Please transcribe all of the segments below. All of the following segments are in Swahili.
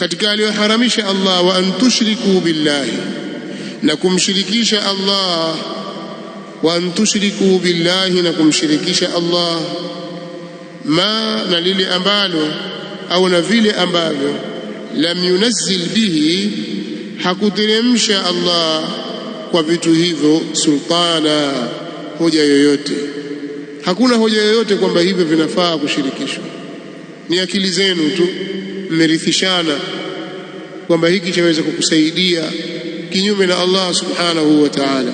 katika aliyoharamisha Allah, wa antushriku billahi, na kumshirikisha Allah, wa antushriku billahi, na kumshirikisha Allah ma, na lile ambalo au na vile ambavyo lam yunazzil bihi, hakuteremsha Allah kwa vitu hivyo sultana, hoja yoyote. Hakuna hoja yoyote kwamba hivyo vinafaa kushirikishwa, ni akili zenu tu mmerithishana kwamba hiki chaweza kukusaidia kinyume na Allah subhanahu wa ta'ala,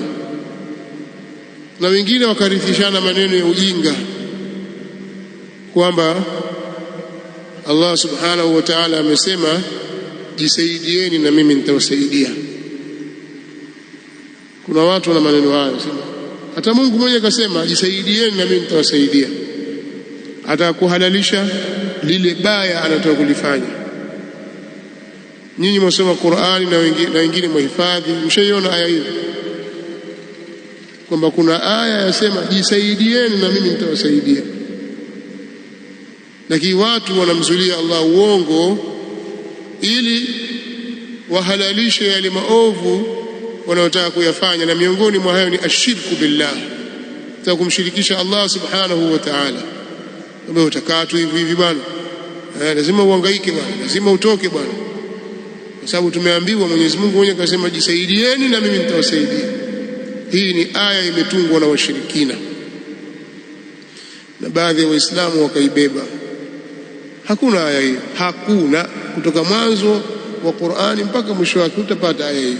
na wengine wakarithishana maneno ya ujinga kwamba Allah subhanahu wa ta'ala amesema jisaidieni na mimi nitawasaidia. Kuna watu na maneno hayo, hata Mungu mwenyewe akasema jisaidieni na mimi nitawasaidia. Ataka kuhalalisha lile baya anataka kulifanya. Nyinyi mwasoma Qur'ani na wengine mwahifadhi, mshaiona aya hiyo kwamba kuna aya yasema jisaidieni na mimi nitawasaidia, lakini watu wanamzulia Allah uongo ili wahalalishe yale maovu wanayotaka kuyafanya, na miongoni mwa hayo ni ashirku billah, taka kumshirikisha Allah subhanahu wa ta'ala. Wewe utakaa tu hivi hivi bwana, eh, lazima uhangaike bwana, lazima utoke bwana, kwa sababu tumeambiwa, Mwenyezi Mungu mwenyewe akasema, jisaidieni na mimi nitawasaidia. Hii ni aya imetungwa na washirikina na baadhi ya Waislamu wakaibeba. Hakuna aya hiyo, hakuna kutoka mwanzo wa Qur'ani mpaka mwisho wake utapata aya hiyo,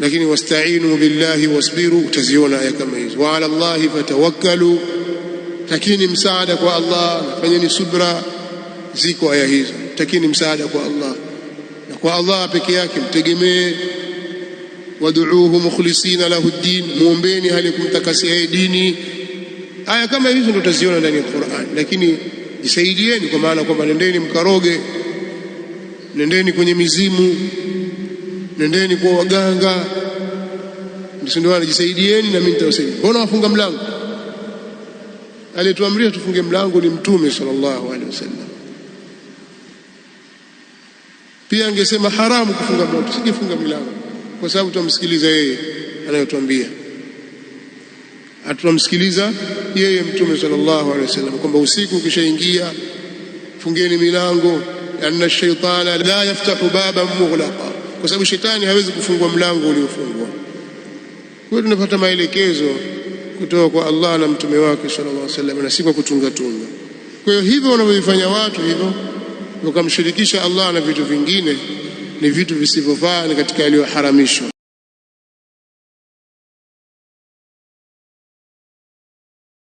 lakini wastainu billahi wasbiru, utaziona aya kama hizo, wa ala Allahi fatawakkalu takini msaada kwa Allah, fanyeni subra. Ziko aya hizo, takini msaada kwa Allah na kwa Allah peke yake mtegemee. Waduuhu mukhlisina lahu ddin, muombeni hali kumtakasia dini. Aya kama hizo ndio utaziona ndani ya Qur'an, lakini jisaidieni kwa maana kwamba nendeni mkaroge, nendeni kwenye mizimu, nendeni kwa waganga, ndio jisaidieni, na mimi nitawasaidia. Mbona wafunga mlango aliyetuamrisha tufunge mlango ni Mtume sallallahu alaihi wasallam. Pia angesema haramu kufunga mlango, tusijifunga mlango kwa sababu tunamsikiliza yeye anayotuambia, hatunamsikiliza yeye Mtume sallallahu alaihi wasallam kwamba usiku ukishaingia fungeni milango, anna shaitana la yaftahu baban mughlaqa, kwa sababu shetani hawezi kufungua mlango uliofungwa. Kwa hiyo tunapata maelekezo kutoka kwa Allah na mtume wake sallallahu alaihi wasallam, na si kwa kutunga tunga. Kwa hiyo hivyo wanavyovifanya watu hivyo, wakamshirikisha Allah na vitu vingine, ni vitu visivyofaa, ni katika yaliyoharamishwa.